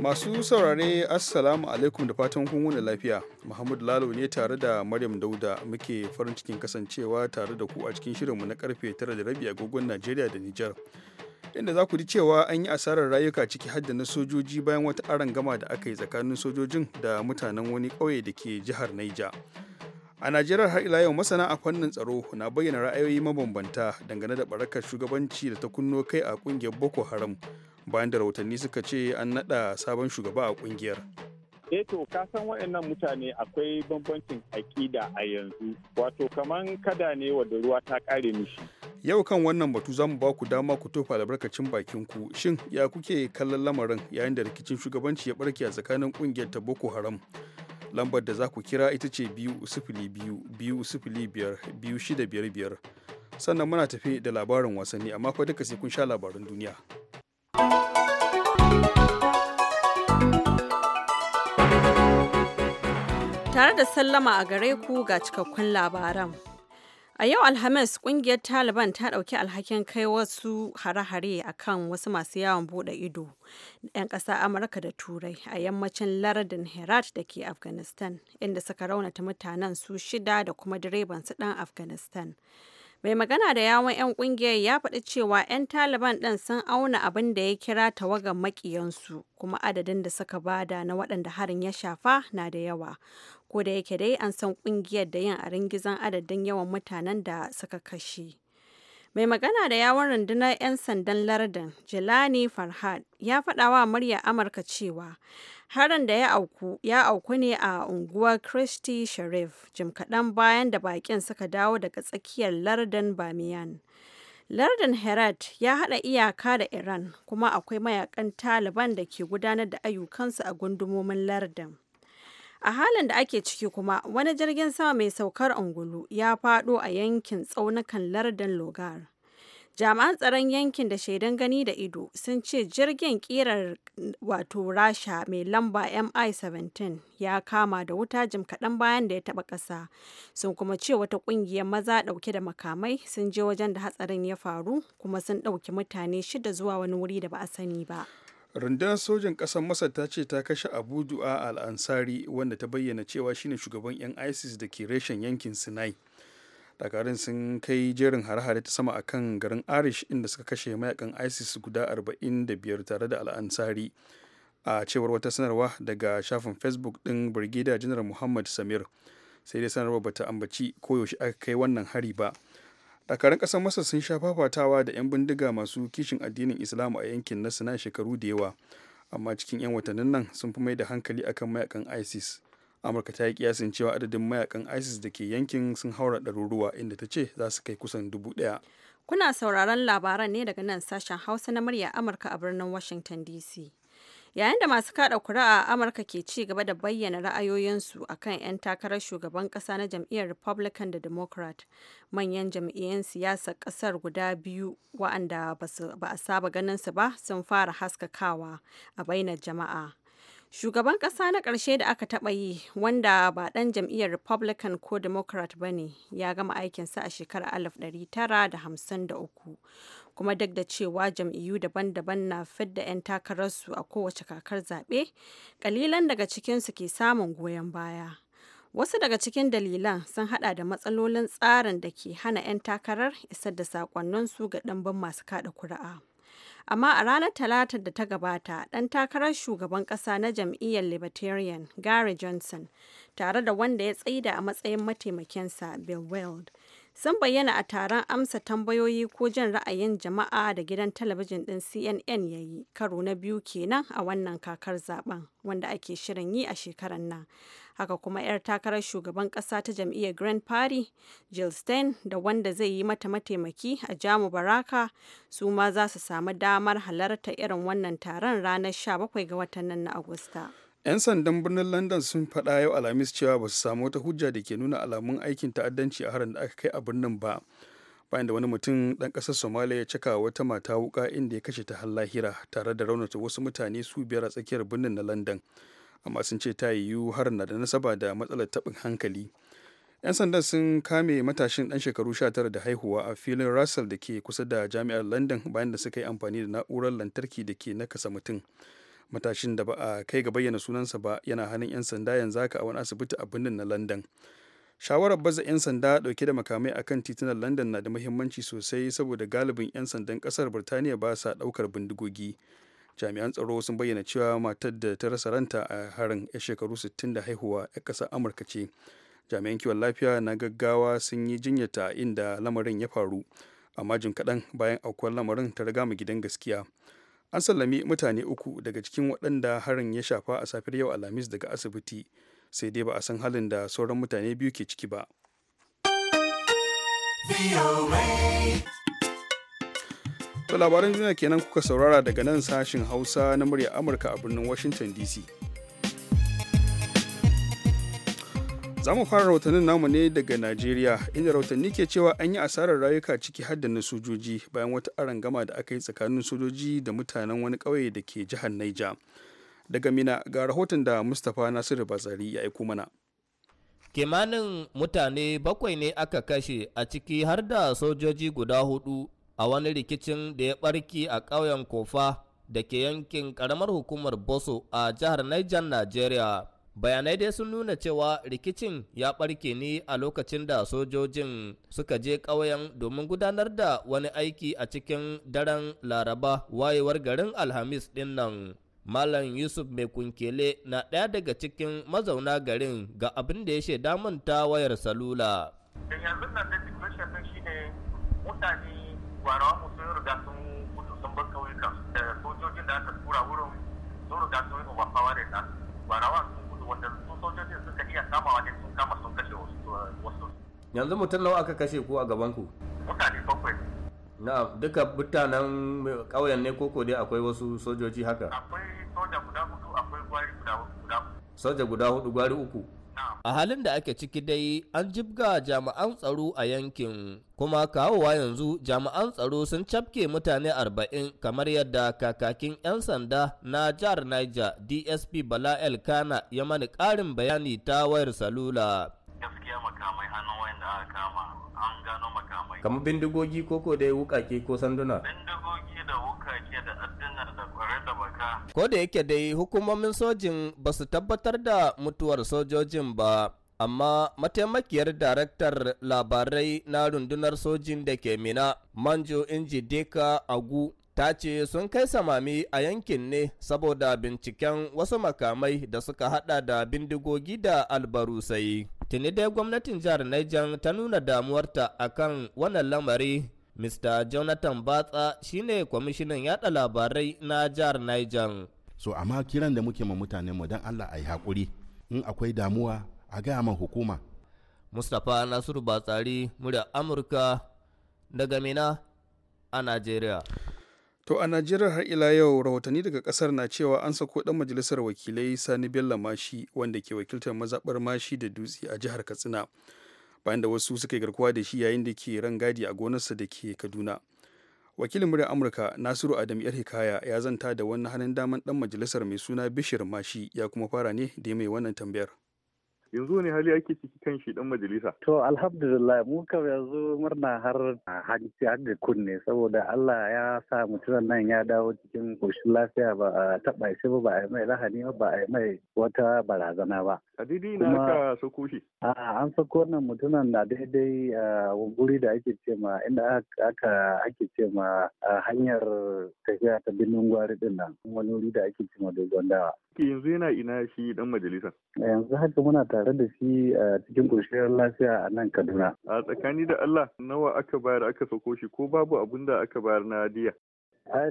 Masu saurare Assalamu alaikum da fatan kun wuni lafiya. Muhammadu Lalo ne tare da Maryam Dauda muke farin cikin kasancewa tare da ku a cikin shirinmu na karfe 9 da rabi agogon Najeriya da Nijar. Inda za ku ji cewa an yi asarar rayuka ciki hadda na sojoji bayan wata aron gama da aka yi tsakanin sojojin da mutanen wani kauye da ke jihar Naija. A Najeriya har ila yau masana a fannin tsaro na bayyana ra'ayoyi mabambanta dangane da barakar shugabanci da ta kunno kai a kungiyar Boko Haram bayan da rahotanni suka ce an naɗa sabon shugaba a ƙungiyar. eh to ka waɗannan mutane akwai bambancin aƙida a yanzu wato kaman kada ne wadda ruwa ta ƙare mishi yau kan wannan batu zamu mu ba ku dama ku tofa albarkacin bakin ku shin ya kuke kallon lamarin yayin da rikicin shugabanci ya barke a tsakanin ƙungiyar ta boko haram lambar da za ku kira ita ce biyu sifili biyu biyu sifili biyar biyu shida biyar biyar sannan muna tafi da labarin wasanni amma fa duka sai kun sha labarin duniya Tare da sallama a gare ku ga cikakkun labaran. A yau Alhamis kungiyar Taliban ta ɗauki alhakin kai wasu hare-hare a kan wasu masu yawon buɗe ido 'yan ƙasa Amurka da Turai a yammacin lardin Herat da ke Afghanistan, inda suka raunata mutanen su shida da kuma direban su ɗan Afghanistan. Mai magana da yawon 'yan kungiyar ya faɗi cewa 'yan Taliban ɗin sun auna abin da ya kira tawagar makiyansu kuma adadin da suka bada na waɗanda harin ya shafa na da yawa. Ko da yake dai an san kungiyar da yin a ringizan adadin yawan mutanen da suka kashe. Mai magana da yawon rundunar 'yan sandan lardin Jelani Farhad ya faɗawa wa murya Amurka cewa Harin da ya auku ya auku ne a unguwar Christy Sharif jim kaɗan bayan da baƙin suka dawo daga tsakiyar lardin Bamiyan. Lardin Herat ya haɗa iyaka da Iran kuma akwai mayakan Taliban da ke gudanar da ayyukansu a gundumomin lardin. A halin da ake ciki kuma wani jirgin sama mai saukar ungulu ya faɗo a yankin tsaunukan lardin Logar. jami'an tsaron yankin da shaidan gani da ido sun ce jirgin kirar wato rasha mai lamba mi-17 ya kama da wuta jim kaɗan bayan da ya taɓa ƙasa sun kuma ce wata ƙungiyar maza ɗauke da makamai sun je wajen da hatsarin ya faru kuma sun ɗauki mutane shida zuwa wani wuri da ba a sani ba rundunar sojan ƙasar masar ta ce ta kashe abu du'a al-ansari wanda ta bayyana cewa shine shugaban 'yan isis da ke reshen yankin sinai dakarun sun kai jerin hare-hare ta sama akan garin irish inda suka kashe mayakan isis guda 45 tare da al'ansari a cewar wata sanarwa daga shafin facebook din brigadier general muhammad samir sai dai sanarwa bata ambaci ko yaushe aka kai wannan hari ba dakarun kasar masar sun sha fafatawa da 'yan bindiga masu kishin addinin islam a yankin na sana shekaru da yawa amma cikin 'yan watannin nan sun fi mai da hankali akan mayakan isis amurka ta yi kiyasin cewa adadin mayakan isis da ke yankin sun haura ɗaruruwa inda ta ce za su kai kusan dubu ɗaya kuna sauraron labaran ne daga nan sashen hausa na murya amurka a birnin washington dc yayin da masu kada kuri'a a amurka ke ci gaba da bayyana ra'ayoyinsu akan 'yan takarar shugaban kasa na jam'iyyar republican da democrat manyan jam'iyyan siyasar kasar guda biyu wa'anda ba a saba ganin su ba sun fara haskakawa a bainar jama'a shugaban ƙasa na ƙarshe da aka taɓa yi wanda ba ɗan jam'iyyar republican ko democrat ba ne ya gama aikinsa a shekarar 1953 kuma duk da cewa jam'iyyu daban-daban na fidda 'yan takararsu a kowace kakar zaɓe ƙalilan daga cikinsu ke samun goyon baya wasu daga cikin dalilan sun hada da matsalolin tsarin da ke hana 'yan takarar isar da saƙonninsu ga ɗanban masu kaɗa kuri'a. amma a ranar talatar da ta gabata ɗan takarar shugaban ƙasa na jam'iyyar libertarian gary johnson tare da wanda ya tsaida a matsayin mataimakinsa bill weld sun bayyana a taron amsa tambayoyi ko jin ra'ayin jama'a da gidan talabijin ɗin cnn ya yi karo na biyu kenan a wannan kakar zaben wanda ake shirin yi a shekarar nan haka kuma 'yar takarar shugaban kasa ta jam'iyyar grand party jill stein da wanda zai yi mata mataimaki a jamu baraka su ma za su samu damar halarta irin wannan taron ranar 17 ga watan nan na agusta 'yan sandan birnin london sun faɗa yau alhamis cewa ba su samu wata hujja da ke nuna alamun aikin ta'addanci a harin da aka kai a birnin ba bayan da wani mutum ɗan ƙasar somalia ya cika wata mata wuka inda ya kashe ta har lahira tare da raunata wasu mutane su biyar a tsakiyar birnin na london amma sun ce ta yiwu har na da nasaba da matsalar taɓin hankali 'yan sandan sun kame matashin ɗan shekaru 19 da haihuwa a filin russell da ke kusa da jami'ar london bayan da suka yi amfani da na'urar lantarki da ke nakasa mutum matashin da ba a kai ga bayyana sunansa ba yana hannun 'yan sanda yanzu haka a wani asibiti a birnin na london shawarar baza 'yan sanda dauke da makamai akan titunan london na da muhimmanci sosai saboda galibin 'yan sandan kasar birtaniya ba sa daukar bindigogi jami'an tsaro sun bayyana cewa matar da ta rasa ranta a harin 'yar shekaru 60 da haihuwa 'yar ƙasar amurka ce jami'an kiwon lafiya na gaggawa sun yi jinyata inda lamarin ya faru amma jin kaɗan bayan aukuwar lamarin ta riga mu gidan gaskiya an sallami mutane uku daga cikin waɗanda harin ya shafa a safiyar yau alhamis daga asibiti sai dai ba a san halin da sauran mutane biyu ke ciki ba. To labaran duniya kenan kuka saurara daga nan sashin Hausa na murya Amurka a birnin Washington DC. Za mu fara rahotannin namu ne daga Najeriya, inda rahotanni ke cewa an yi asarar rayuka ciki har na sojoji bayan wata arangama da aka yi tsakanin sojoji da mutanen wani ƙauye da ke jihar Naija. Daga Mina ga rahoton da Mustapha Nasiru Bazari ya aiko mana. Kimanin mutane bakwai ne aka kashe a ciki har da sojoji guda hudu a wani rikicin da ya barki a ƙauyen kofa da ke yankin ƙaramar hukumar boso a jihar niger nigeria bayanai dai sun nuna cewa rikicin ya barke ne a lokacin da sojojin suka je ƙauyen domin gudanar da wani aiki a cikin daren laraba wayewar garin alhamis din nan Malam Yusuf Mai Kunkele na ɗaya daga cikin mazauna garin ga abin da ya shaida mun wayar salula. Da eh, yanzu nan da situation shi ne mutane gwarawa mu sun riga sun gudu sun bar kauyukan da sojojin da aka tura wurin sun riga sun yi overpower da nasu gwarawa sun gudu wanda su sojojin suka iya kamawa ne sun kama sun kashe wasu yanzu mutum nawa aka kashe ku a gaban ku mutane bakwai na duka mutanen ƙauyen ne koko dai akwai wasu sojoji haka akwai soja guda hudu akwai gwari guda hudu soja guda hudu gwari uku A halin da ake ciki dai an jibga jami'an tsaro a yankin kuma kawowa yanzu jami'an tsaro sun cafke mutane 40 kamar yadda kakakin 'yan sanda na jihar Niger DSP Bala El Kana ya mani karin bayani ta wayar salula. gaskiya makamai hannun wayanda aka kama an gano makamai kamar bindigogi ko ko dai wukake ko sanduna bindigogi da wukake da addinar da kware da baka ko da yake dai hukumomin sojin ba su tabbatar da mutuwar sojojin ba amma mataimakiyar daraktar labarai na rundunar sojin da ke mina manjo inji deka agu ta ce sun kai samami a yankin ne saboda binciken wasu makamai da suka hada da bindigogi da albarusai. tuni dai gwamnatin jihar Niger ta nuna damuwarta akan wannan lamari Mr. Jonathan Batsa shine kwamishinan yada labarai na jihar Niger. So amma kiran da muke ma mutane mu dan Allah ayi hakuri in akwai damuwa a gaya ma hukuma. Mustapha Nasiru Batsari murya Amurka daga Mina a Najeriya. To a Najeriya har ila yau rahotanni daga kasar na cewa an sako dan majalisar wakilai Sani Bello Mashi wanda ke wakiltar mazabar Mashi da Dutse a jihar Katsina. Bayan da wasu suka yi garkuwa da shi yayin da ke ran gadi a gonarsa da ke Kaduna. Wakilin muryar Amurka Nasiru Adam Yar Hikaya ya zanta da wani hannun daman dan majalisar mai suna Bishir Mashi ya kuma fara ne da mai wannan tambayar. yanzu wani hali ake ciki kan shi dan majalisa to alhamdulillah mu kam yanzu murna har hanci har da kunne saboda Allah ya sa mutumin nan ya dawo cikin koshin lafiya ba a taba shi ba ba a mai lahani ba a mai wata barazana ba a daidai na ka sako shi a an sako wannan mutumin na daidai a guri da ake ce ma inda aka ake ce ma hanyar tafiya ta binnin gwari din nan wani wuri da ake ce ma dogon dawa yanzu yana ina shi dan majalisa yanzu haka muna tare tare da shi a cikin ƙunshiyar lafiya a nan Kaduna. A tsakani da Allah nawa aka bayar aka sako shi ko babu abin da aka bayar na diya?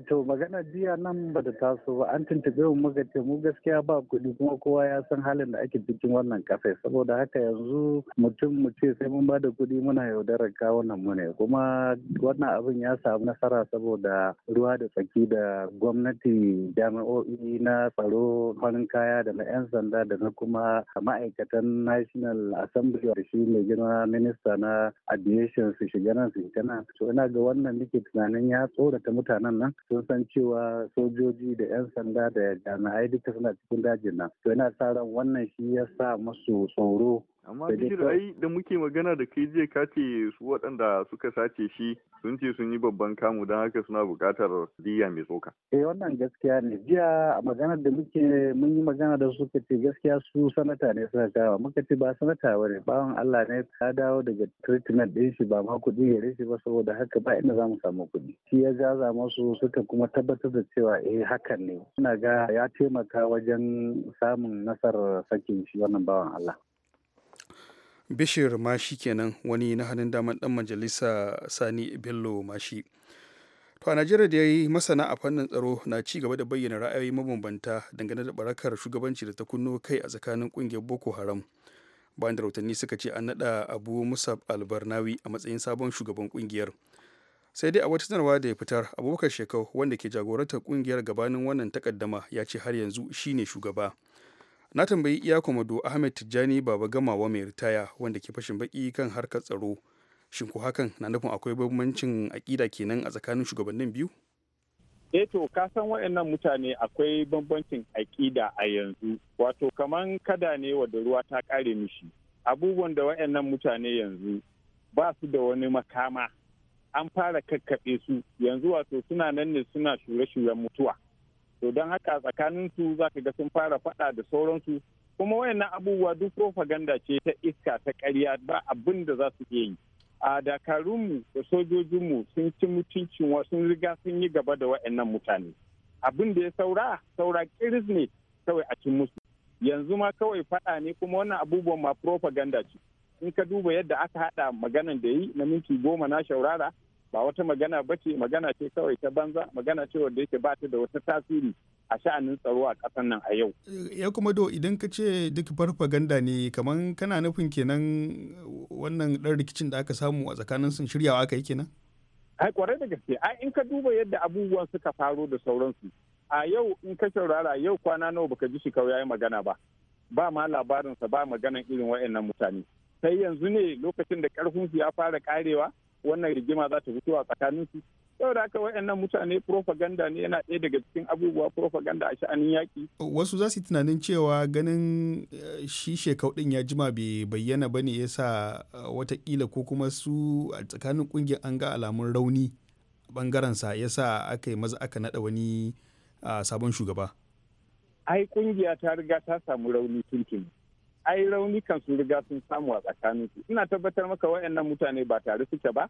to magana jiya nan ba da taso ba an tuntube mu muka ce mu gaskiya ba kuɗi kuma kowa ya san halin da ake cikin wannan kasai saboda haka yanzu mutum mu ce sai mun ba da kuɗi muna yaudarar kawunan mu ne kuma wannan abin ya samu nasara saboda ruwa da tsaki da gwamnati jami'o'i na tsaro farin kaya da na 'yan sanda da na kuma ma'aikatan national assembly da shi mai girma minista na aviation su shiga nan su shiga nan to ina ga wannan nake tunanin ya tsorata mutanen nan nan sun san cewa sojoji da 'yan sanda da jami'ai duka suna cikin dajin nan to yana sa ran wannan shi ya sa musu tsoro amma bishir ai da muke magana da kai jiya ka su waɗanda suka sace shi sun ce sun yi babban kamu don haka suna buƙatar diya mai tsoka eh wannan gaskiya ne jiya a maganar da muke mun yi magana da su ce gaskiya su sanata ne suka kawo muka ce ba sanata bane bawan Allah ne ta dawo daga treatment ɗin shi ba ma kuɗi ya rishi ba saboda haka ba inda mu samu kuɗi shi ya jaza masu suka kuma tabbatar da cewa eh hakan ne suna ga ya taimaka wajen samun nasarar sakin shi wannan bawan Allah bishir mashi kenan wani na hannun daman dan majalisa sani bello mashi to a najeriya da ya yi masana a fannin tsaro na ci gaba da bayyana ra'ayoyi mabambanta dangane da barakar shugabanci da ta kunno kai a tsakanin kungiyar boko haram bayan da rautanni suka ce an naɗa abu musab albarnawi a matsayin sabon shugaban kungiyar sai dai a wata sanarwa da ya fitar abubakar shekau wanda ke jagorantar kungiyar gabanin wannan takaddama ya ce har yanzu shine shugaba na tambayi iya kwamado ahmed tijjani baba gamawa mai ritaya wanda ke fashin baki kan harkar tsaro shin ko hakan na nufin akwai bambancin aƙida kenan a tsakanin shugabannin biyu eh to ka san waɗannan mutane akwai bambancin aƙida a yanzu wato kaman kada ne wadda ruwa ta ƙare mishi abubuwan da waɗannan mutane yanzu ba su da wani makama an fara kakkaɓe su yanzu wato suna nan ne suna shure-shuren mutuwa to don haka tsakanin su za ka ga sun fara faɗa da sauransu kuma wayannan abubuwa duk propaganda ce ta iska ta ƙarya ba abin da za su iya yi a dakarunmu da sojojinmu sun ci mutuncin wa sun riga sun yi gaba da wayannan mutane abin da ya saura saura kiris ne kawai a cin musu yanzu ma kawai faɗa ne kuma wannan abubuwan ma propaganda ce in ka duba yadda aka haɗa maganan da yi na minti goma na shaurara ba wata magana ba ce magana ce kawai ta banza magana ce wanda yake ba ta da wata tasiri a sha'anin tsaro a ƙasar nan a yau. Eh, ya kuma do idan ka ce duk farfaganda ne kamar kana nufin kenan wannan ɗan rikicin da aka samu a tsakanin sun shiryawa aka yi kenan. ai kwarai da gaske ai in ka duba yadda abubuwan suka faro da sauransu a yau in ka saurara yau kwana nawa baka ji shi kawai yi magana ba ba ma labarinsa ba maganan irin wa'annan mutane sai yanzu ne lokacin da karfin su ya fara karewa wannan rigima za ta fito a tsakaninsu saboda haka wayannan mutane propaganda ne yana ɗaya daga cikin abubuwa propaganda a sha'anin yaƙi. wasu za su tunanin cewa ganin eh, shi shekau ɗin ya jima bai bayyana ba ne yasa eh, watakila ko kuma su a tsakanin ƙungiyar an ga alamun rauni bangaren sa yasa aka yi maza aka naɗa wani eh, sabon shugaba. ai ƙungiya ta riga ta samu rauni tuntun ai raunukan sun riga sun samu a tsakanin su ina tabbatar maka waɗannan mutane ba tare suke ba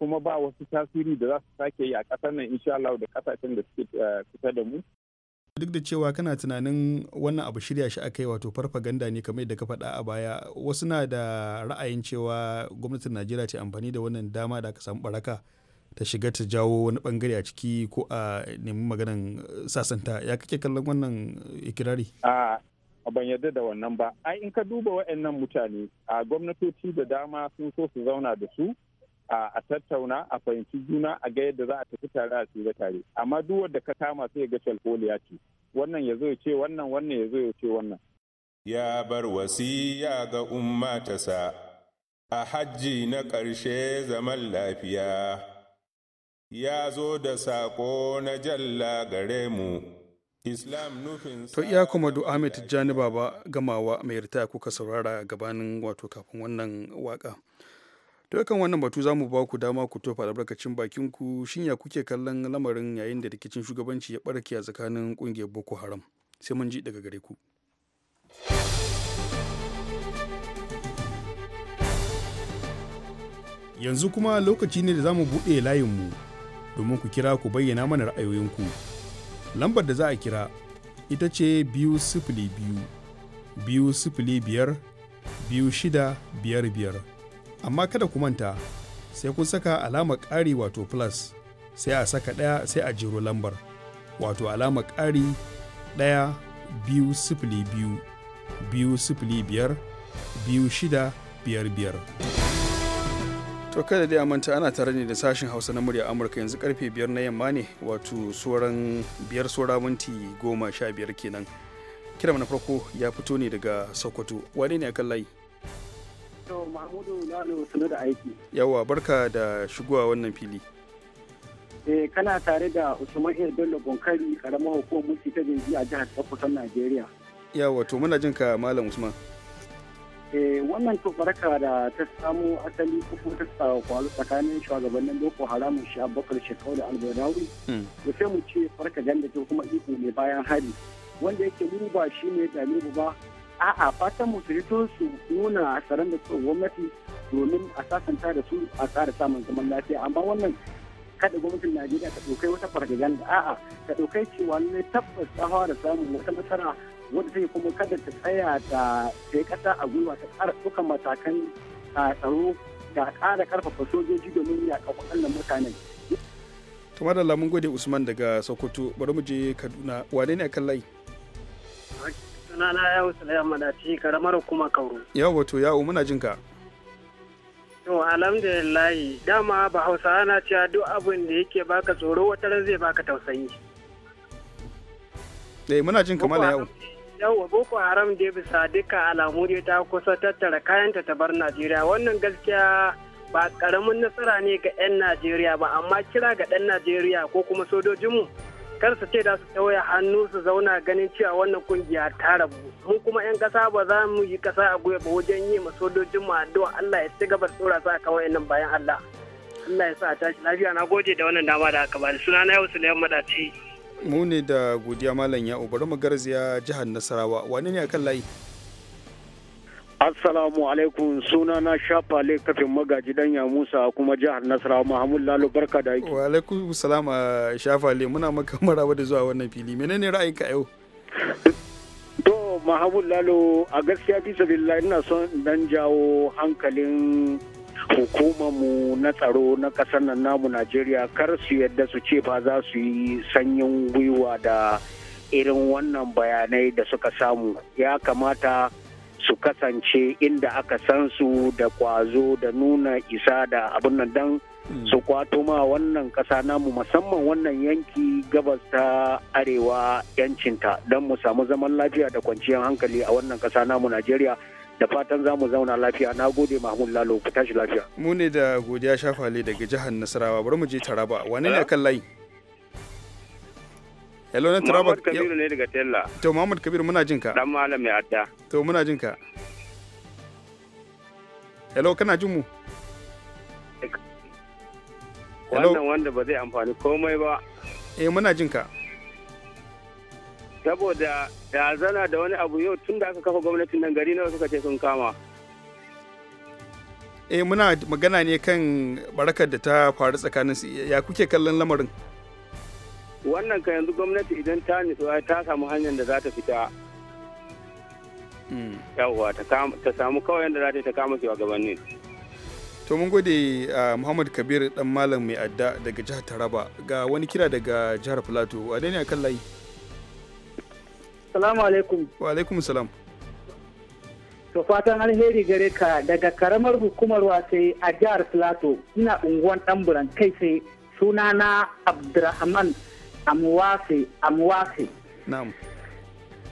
kuma ba wasu tasiri da za su sake yi a ƙasar nan insha Allah da ƙasashen da suke fita eh, da mu duk da cewa kana tunanin wannan abu shirya shi aka yi wato farfaganda ne kamar yadda ka faɗa a baya wasu na da ra'ayin cewa gwamnatin najeriya ce amfani da wannan dama da aka samu baraka ta shiga ta jawo wani bangare a ciki ko a neman maganan eh, sasanta ya kake kallon wannan eh, ikirari ah, ban yarda da wannan ba ai in ka duba waɗannan mutane a gwamnatoci da dama sun so su zauna da su a tattauna a fahimci juna a ga yadda za a tafi tare a tsira tare amma duk wanda ka kama sai ga ya ce wannan ya zo ya ce wannan wannan ya zo ya ce wannan ya bar wasiya ga umma ta sa a hajji na ƙarshe zaman lafiya ya zo da saƙo na jalla gare mu to iya kuma jani ba baba gamawa mai rita kuka saurara gabanin wato kafin wannan waka to kan wannan batu za mu ba ku dama ku tofa albarkacin bakin ku shinya kuke kallon lamarin yayin da rikicin shugabanci ya barke a tsakanin kungiyar boko haram sai mun ji daga gare ku yanzu kuma lokaci ne da za mu buɗe layinmu domin ku kira ku bayyana mana ra'ayoyinku lambar da za a kira ita ce biyu sifili biyu biyu sifili biyar biyu shida biyar biyar amma kada ku manta sai kun saka alamar ƙari wato plus sai a saka ɗaya sai a jiro lambar wato alamar ƙari ɗaya biyu sifili biyu biyu sifili biyar biyu shida biyar biyar. to kada dai a manta ana tare ne da sashen hausa na murya amurka yanzu karfe biyar na yamma ne wato sauran biyar saura minti goma sha biyar kenan kiran na farko ya fito ne daga sokoto wane ne akan layi to mahmudu lalo da aiki yawa barka da shigowa wannan fili eh kana tare da usman ir bello bonkari karamar hukumar musu ta jinji a jihar sokoton najeriya yawa to muna jin ka malam usman Eh, wannan tufarka da ta samu asali kuma ta kwaru tsakanin shugabannin boko haramun shi bakar shekau da albardawi hmm. da sai mu ce farka ganda ta kuma iko mai bayan hari wanda yake mu ba shi ne dalibu ba a'a fatan mu su fito su nuna asaran da gwamnati domin a sasanta da su a tsara samun zaman lafiya amma wannan kada gwamnatin Najeriya ta dokai wata farganda a'a ta dokai cewa ne tabbas ta fara samun wata nasara wadda zai kuma kada ta tsaya ta yi kasa a gwiwa ta ƙara dukkan matakan tsaro da ƙara ƙarfafa sojoji domin yaƙa waɗannan mutanen. To madalla mun gode Usman daga Sokoto bari mu je Kaduna wane ne a kan layi? Sunana Yawu Sulaiman Madaci karamar kuma Kauru. Yawu wato yawo muna jin ka. To alhamdulillahi dama ba hausa na cewa duk abin da yake baka tsoro wata ran zai baka tausayi. Eh muna jin kamar yau. Yau Boko Haram dai bisa duka alamu dai ta kusa tattara kayan ta bar Najeriya wannan gaskiya ba karamin nasara ne ga 'yan Najeriya ba amma kira ga ɗan Najeriya ko kuma sojojinmu kar su ce da su tsawaya hannu su zauna ganin cewa wannan kungiya ta rabu mu kuma yan kasa ba za mu yi kasa a goya ba wajen yi ma sojojin mu addu'a Allah ya ci gaba tsora su akan wayannan bayan Allah Allah ya sa a tashi lafiya na gode da wannan dama da aka bani suna na yau Suleiman Madaci mu ne da godiya malam ya bari mu garziya jihar Nasarawa wane ne akan layi Assalamu alaikum suna na shafa kafin magaji dan ya Musa kuma jihar Nasarawa Muhammad Lalo barka da aiki. Wa alaikum salam shafa le muna maka maraba da zuwa wannan fili menene ra'ayinka yau? To Muhammad Lalo a gaskiya bisa billahi ina son dan jawo hankalin hukumarmu na tsaro na kasar nan namu Najeriya kar su yadda su ce ba za su yi sanyin gwiwa da irin wannan bayanai da suka samu ya kamata su kasance inda aka san su da kwazo da nuna isa da abin nan don hmm. su kwato ma wannan ƙasa namu musamman wannan yanki gabas ta arewa yancinta don mu samu zaman lafiya da kwanciyar hankali a wannan kasa namu najeriya da fatan za mu zauna lafiya na gode mahmud lalo ku tashi lafiya mu ne da godiya shafale daga jihar nasarawa bari mu je taraba wani ne kan layi hello na Muhammad kabiru ne daga tella to muhammad kabiru muna jinka dan malam mai adda to muna jinka hello kana jin mu wannan wanda ba zai amfani komai ba eh muna jinka saboda ya zana da wani abu yau tun da aka kafa gwamnatin nan gari nawa suka ce sun kama eh muna magana ne kan barakar da ta faru tsakanin ya kuke kallon lamarin wannan ka yanzu gwamnati idan ta nitsu ta samu hanyar da za ta fita hmm. yawwa ta samu kawai yadda za ta ta kama su a gabanin to mun gode muhammad kabir dan malam mai adda daga jihar taraba ga wani kira daga jihar plateau a ne akan layi salamu alaikum wa alaikum salam to fatan alheri gare ka daga karamar hukumar wasai a jihar plateau ina unguwan dan buran kai sai sunana abdurrahman amuwafe amuwafe. na'am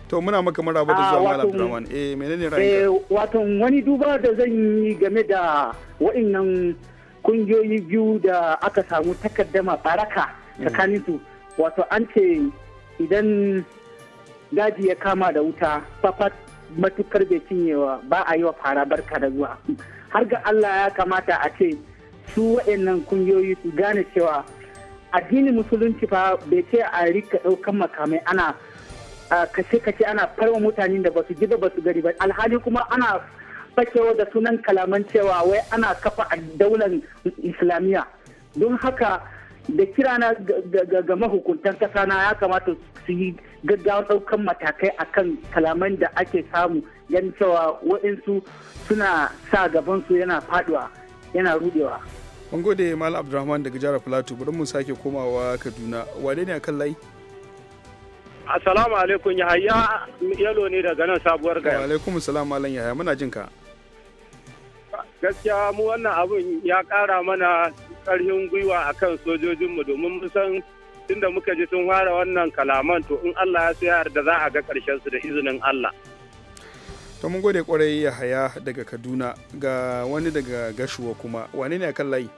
to muna maka maraba da ah, zuwa malam eh menene eh, ra'ayinka eh wato wani duba da zan yi game da wa'annan kungiyoyi biyu da aka samu takaddama baraka hmm. tsakanin su wato an ce idan daji ya kama da wuta fafat matukar bai cinyewa ba a yi wa fara barka da zuwa har ga Allah ya kamata a ce su wa'annan kungiyoyi su gane cewa addinin musulunci ba bai ce a rika daukan makamai ana kace-kace ana farwa mutane da basu ji ba basu gari ba alhali kuma ana fakewa da sunan kalaman cewa wai ana kafa a daular islamiyya don haka da kirana ga mahukuntan kasa na ya kamata su yi gaggawa daukan matakai akan kalaman da ake samu yan cewa waɗansu suna sa gabansu yana faduwa yana rudewa. mun gode mal abdulrahman daga jihar plateau bari mu sake komawa kaduna wane ne a kan layi assalamu alaikum haya yalo ne daga nan sabuwar gaya wa alaikum assalam malam yahaya muna jin ka gaskiya mu wannan abun ya kara mana karfin gwiwa akan sojojinmu domin mun san tunda muka ji sun fara wannan kalaman to in Allah ya sayar da za a ga karshen su da izinin Allah to mun gode kwarai Yahaya daga Kaduna ga wani daga Gashuwa kuma wane ne akan layi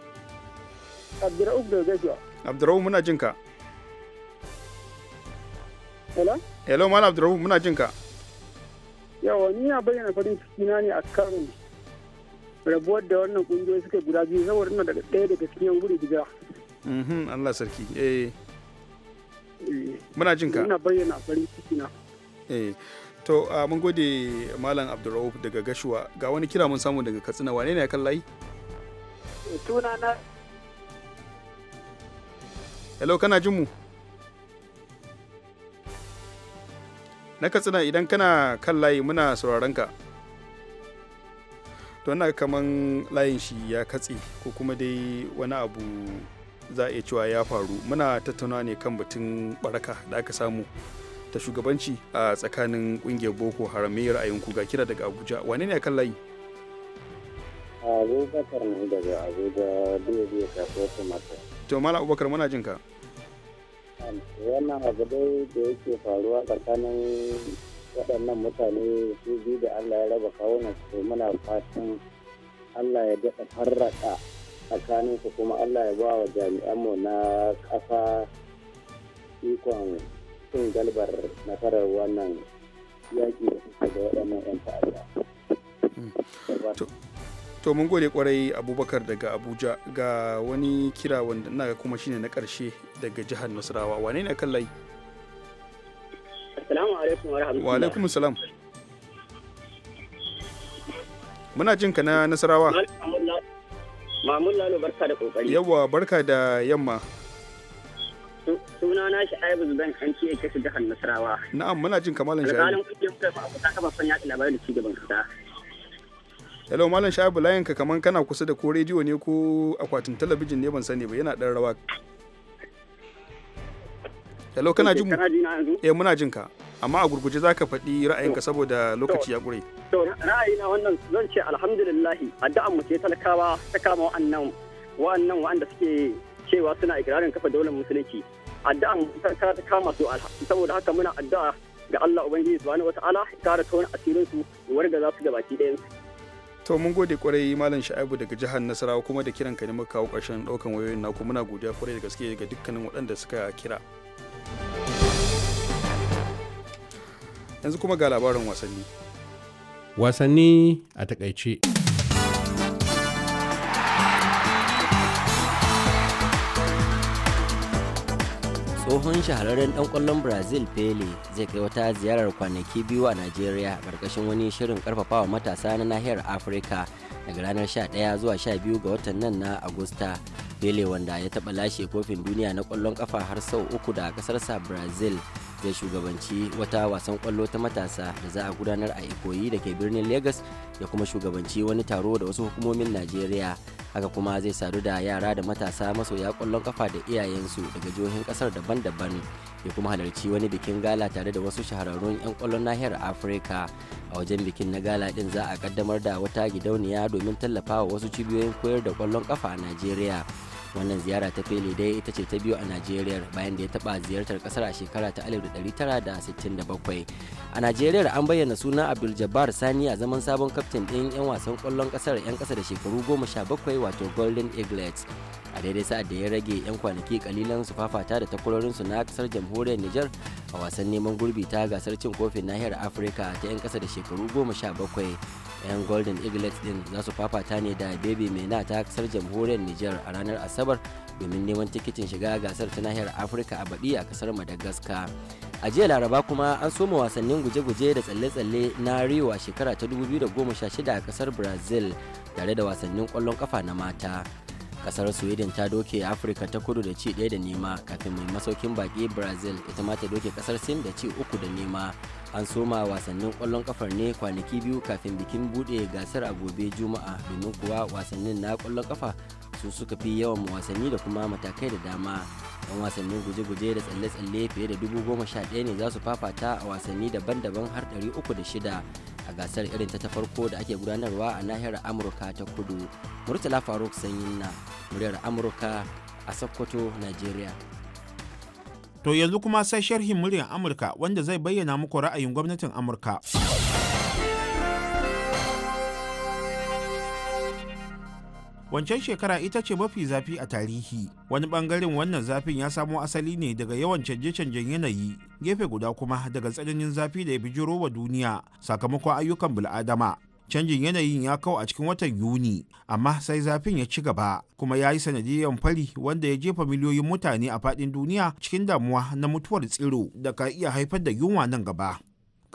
Abdurra'uf daga Gashuwa. Abdurra'uf muna jin ka. Hello? Hello Malam Abdurra'uf muna jin ka. Yawa ni na bayyana farin ciki na ne a kan rabuwar da wannan kungiyoyi suka guda biyu saboda ina daga ɗaya daga cikin yan gudun hijira. Mhm Allah sarki eh. eh. Muna jin ka. Ina bayyana farin ciki na. Eh. To uh, mun gode Malam Abdurra'uf daga Gashuwa ga wani kira mun samu daga Katsina wane ne ya kan Tuna eh, na hello kana jin mu na katsina idan kana kan layi muna sauraron ka to ina kaman layin shi ya katse ko kuma dai wani abu za a iya cewa ya faru muna tattauna ne kan batun baraka da aka samu ta shugabanci a tsakanin kungiyar boko haram ra'ayinku ga kira daga abuja wane ne kan layi abubakar na daga abuja biyu biyu kasuwar to mala abubakar muna jinka wannan abu dai da yake faruwa tsakanin waɗannan mutane su bi da allah ya raba kawunan su muna fatan allah ya daɗa farraka tsakanin su kuma allah ya ba wa jami'anmu na ƙasa ikon cin galbar nasarar wannan yaƙi da suke da waɗannan 'yan ta'adda. Hmm. to mun gode kwarai abubakar daga abuja ga wani kira wanda na ga kuma shine na karshe daga jihar nasarawa wane ne kan layi assalamu alaikum wa rahmatullahi wa alaikum salam muna jin ka na nasarawa mamun lalo barka da kokari yawa barka da yamma suna na shi aibu zuban an ce ya kashe jihar nasarawa na'am muna jin kamalan shi alƙalin kungiyar mutane a kusa kafafen yaɗa labarai da cigaban kasa hello malam sha'ibu layinka kaman kana kusa da ko rediyo ne ko akwatin talabijin ne ban sani ba yana dan rawa hello kana jin mu eh muna jin ka amma a gurguje zaka ka faɗi ra'ayinka saboda lokaci ya ƙure. to ra'ayina wannan zan ce alhamdulillahi addu'an mu ce talakawa ta kama wa'annan wa'annan wa'anda suke cewa suna ikirarin kafa daular musulunci addu'an mu talakawa ta kama su saboda haka muna addu'a ga Allah ubangiji subhanahu wataala ya kara taurin asirin su warga za su gabaki ɗayan su to mun gode kwarai malam sha'ibu daga jihar nasarawa kuma da kiran ka ne muka kawo ƙarshen ɗaukan wayoyin naku muna godiya kwarai da gaske ga dukkanin waɗanda suka kira yanzu kuma ga labarin wasanni wasanni a takaice tsohon shahararren dan kwallon brazil pele zai kai wata ziyarar kwanaki biyu a nigeria karkashin wani shirin karfafawa matasa na nahiyar afirka daga ranar 11 zuwa 12 ga watan nan na agusta pele wanda ya taba lashe kofin duniya na kwallon kafa har sau uku da kasarsa brazil zai shugabanci wata wasan kwallo ta matasa da za a gudanar a ikoyi da ke birnin lagos ya kuma shugabanci wani taro da wasu hukumomin najeriya haka kuma zai sadu da yara da matasa masoya kwallon kafa da iyayensu daga jihohin kasar daban-daban ya kuma halarci wani bikin gala tare da wasu shahararrun 'yan kwallon nahiyar afirka a wajen bikin na gala din za a kaddamar da wata gidauniya domin tallafa wa wasu cibiyoyin koyar da kwallon kafa a najeriya wannan ziyara ta fele dai ita ce ta biyu a najeriya bayan da ya taba ziyartar kasar a shekara ta 1967 a najeriya an bayyana suna abdul jabbar sani a zaman sabon kaftin ɗin 'yan wasan kwallon kasar 'yan kasa da shekaru 17 wato golden eaglets a daidai sa'ad da ya rage 'yan kwanaki kalilan su fafata da takwarorinsu na kasar jamhuriyar niger a wasan neman gurbi ta gasar cin kofin nahiyar afirka ta 'yan kasa da shekaru 17 'yan golden eaglets din za fafata ne da baby na ta kasar jamhuriyar niger a ranar asabar domin neman tikitin shiga gasar ta nahiyar afirka a baɗi a kasar madagascar a jiya laraba kuma an soma wasannin guje-guje da tsalle-tsalle na rio a shekara ta 2016 a kasar brazil tare da wasannin kwallon kafa na mata kasar sweden ta doke afirka ta kudu da ci ɗaya da nema kafin mai masaukin baki brazil ita ma ta doke kasar sin da ci uku da nema an soma wasannin kwallon kafar ne kwanaki biyu kafin bikin bude gasar a gobe juma'a domin kuwa wasannin na kwallon kafa su suka fi yawan wasanni da kuma matakai da dama yan wasannin guje-guje da tsalle-tsalle fiye da dubu goma sha ɗaya ne za su fafata a wasanni daban-daban har ɗari uku da shida a gasar irin ta ta farko da ake gudanarwa a nahiyar amurka ta kudu murtala faruk sanyin na muryar amurka a sokoto nigeria to yanzu kuma sai sharhin muryar amurka wanda zai bayyana muku ra'ayin gwamnatin amurka wancan shekara ita ce mafi zafi a tarihi wani bangaren wannan zafin ya samo asali ne daga yawan canje-canjen yanayi gefe guda kuma daga tsananin zafi da ya jiro wa duniya sakamakon ayyukan bil'adama canjin yanayin ya kawo a cikin watan yuni amma sai zafin ya ci gaba kuma ya yi sanadiyyar fari wanda ya jefa miliyoyin mutane a faɗin duniya cikin damuwa na mutuwar tsiro da ka iya haifar da yunwa nan gaba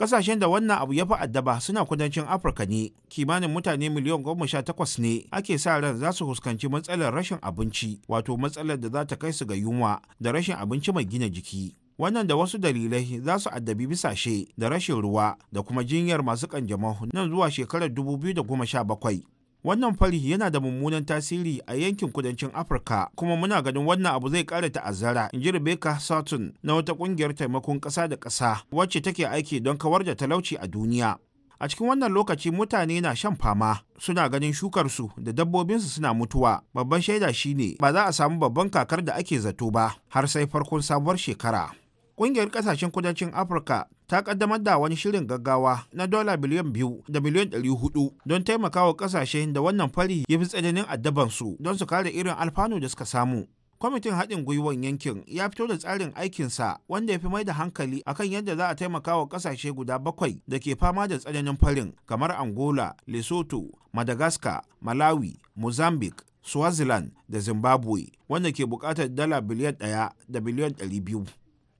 Ƙasashen da wannan abu ya fi addaba suna kudancin Afirka ne, kimanin mutane miliyan goma sha takwas ne ake sa ran za su fuskanci matsalar rashin abinci, wato matsalar da za ta kai su ga yunwa da rashin abinci mai gina jiki. Wannan da wasu dalilai za su addabi bisashe da rashin ruwa da kuma jinyar masu kanjamau nan zuwa shekarar 2017. Wannan fari yana da mummunan tasiri a yankin kudancin Afirka kuma muna ganin wannan abu zai ƙara ta'azzara, in ji Rebecca Sutton na wata ƙungiyar taimakon ƙasa da ƙasa wacce take aiki don kawar da talauci a duniya. A cikin wannan lokaci mutane na shan fama suna ganin shukarsu da dabbobinsu suna mutuwa. Babban shaida shine ba za a samu babban kakar da ake zato ba har sai farkon sabuwar shekara. Ƙungiyar ƙasashen kudancin Afirka ta ƙaddamar da wani shirin gaggawa na dola biliyan biyu da miliyan ɗari hudu don taimakawa ƙasashen da wannan fari ya fi tsananin addabansu don su kare irin alfanu da suka samu. kwamitin haɗin gwiwar yankin ya fito da tsarin aikinsa wanda ya fi mai da hankali akan yadda za a taimaka wa ƙasashe guda bakwai da ke fama da tsananin farin kamar angola lesotho madagascar malawi mozambique swaziland da zimbabwe wanda ke buƙatar dala biliyan ɗaya da biliyan ɗari biyu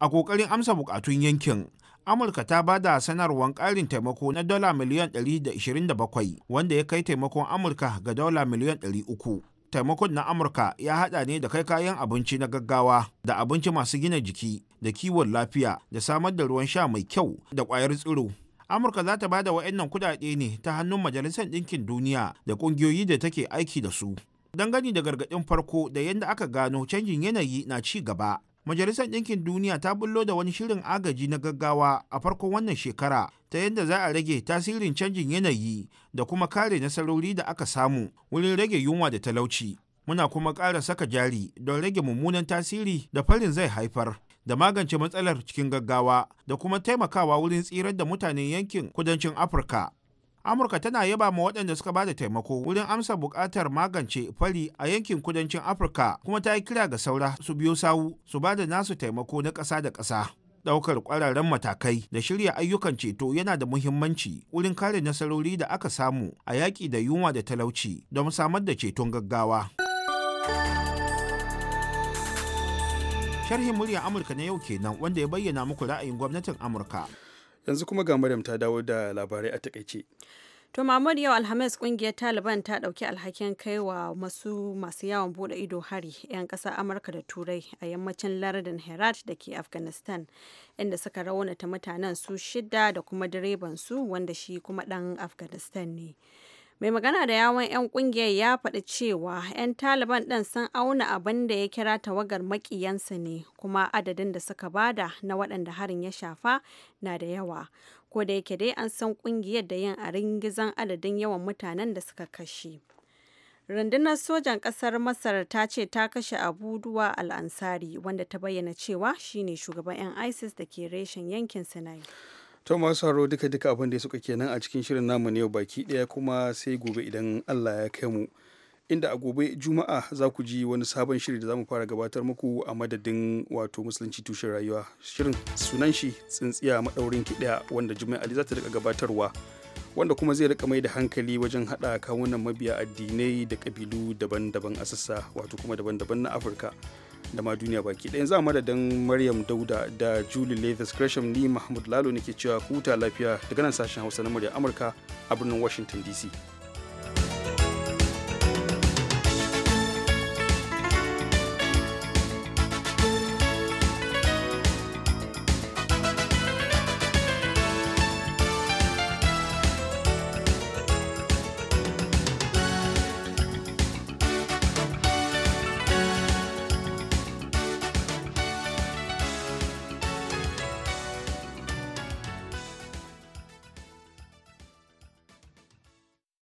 a ƙoƙarin amsa bukatun yankin amurka ta ba da sanarwar ƙarin taimako na dola miliyan 127 wanda ya kai taimakon amurka ga dola miliyan 300 taimakon na amurka ya hada ne da kai kayan abinci na gaggawa da abinci masu gina jiki da kiwon lafiya da samar da ruwan sha mai kyau da ƙwayar tsiro amurka za ta ba da wa'annan kudade ne ta hannun majalisar ɗinkin duniya da ƙungiyoyi da take aiki da su dangane da gargaɗin farko da yadda aka gano canjin yanayi na ci gaba Majalisar Ɗinkin Duniya ta bullo da wani shirin agaji na gaggawa a farko wannan shekara ta yadda za a rage tasirin canjin yanayi da kuma kare nasarori da aka samu wurin rage yunwa da talauci. Muna kuma ƙara saka jari don rage mummunan tasiri da farin zai haifar da magance matsalar cikin gaggawa da kuma taimakawa wurin tsirar da mutanen yankin kudancin Afirka. amurka tana yaba ma waɗanda suka bada taimako wurin amsa buƙatar magance fari a yankin kudancin afirka kuma ta yi kira ga saura su biyo sawu su bada nasu taimako na ƙasa da ƙasa ɗaukar ƙwararren matakai da shirya ayyukan ceto yana da muhimmanci wurin kare nasarori da aka samu a yaƙi da yunwa da talauci don samar da ceton gaggawa sharhin murya amurka na yau kenan wanda ya bayyana muku ra'ayin gwamnatin amurka yanzu kuma ga Maryam ta dawo da labarai a takaice. To Mahmud yau Alhamis kungiyar Taliban ta dauki alhakin kai wa masu masu yawon bude ido hari 'yan ƙasa Amurka da Turai a yammacin lardin Herat da ke Afghanistan inda suka raunata mutanen su shida da kuma direban su wanda shi kuma dan Afghanistan ne. mai magana da yawon 'yan kungiyar ya faɗi cewa 'yan taliban ɗin sun auna abin da ya kira tawagar maƙiyansa ne kuma adadin da suka bada na waɗanda harin ya shafa na da yawa ko da yake dai an san kungiyar da yin a ringizan adadin yawan mutanen da suka kashe rundunar sojan ƙasar masar ta ce ta kashe abu duwa ansari wanda ta bayyana cewa shine shugaban 'yan isis da ke reshen yankin sinai to masu haro duka duka abin da suka kenan a cikin shirin namu ne baki ɗaya kuma sai gobe idan allah ya kai mu inda a gobe juma'a za ku ji wani sabon shiri da za mu fara gabatar muku a madadin wato musulunci tushen rayuwa shirin sunan shi tsintsiya maɗaurin kiɗa wanda juma'a ali za ta rika gabatarwa wanda kuma zai rika mai da hankali wajen haɗa kawunan mabiya addinai da ƙabilu daban-daban a sassa wato kuma daban-daban na afirka da ma duniya baki ɗaya za madadin maryam dauda da julie levis gresham ni mahmud lalo nake cewa huta lafiya daga nan sashen hausa na murya amurka a birnin washington dc